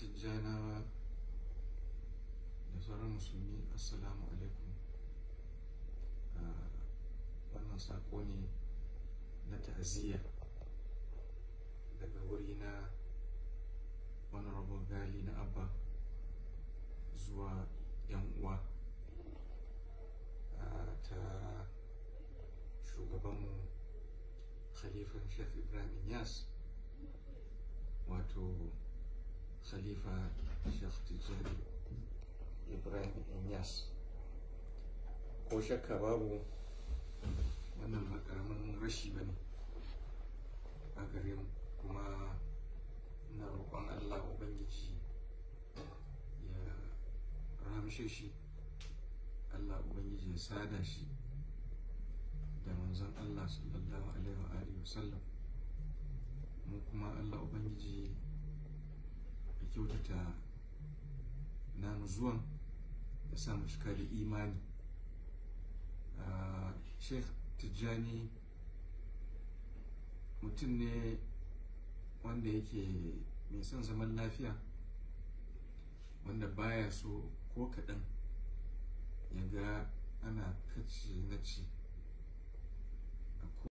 tijjanawa da sauran musulmi assalamu alaikum ah, wannan sako ne na ta'aziyya daga wuri na honorable gali na abba zuwa yan uwa ah, ta shugabanmu khalifan shaf ibrahim yas wato khalifa Sheikh Tijjani Ibrahim Inyas ko shakka babu wannan makaramin rashi ba ne a gare mu kuma na roƙon Allah Ubangiji ya ramshe shi Allah Ubangiji ya sada shi da manzon Allah sallallahu alaihi wa sallam mu kuma Allah Ubangiji kyautata namu zuwan ya sa mu cika da imani sheikh tijjani mutum ne wanda yake mai son zaman lafiya wanda baya so ko kaɗan ya ga ana kacce na ci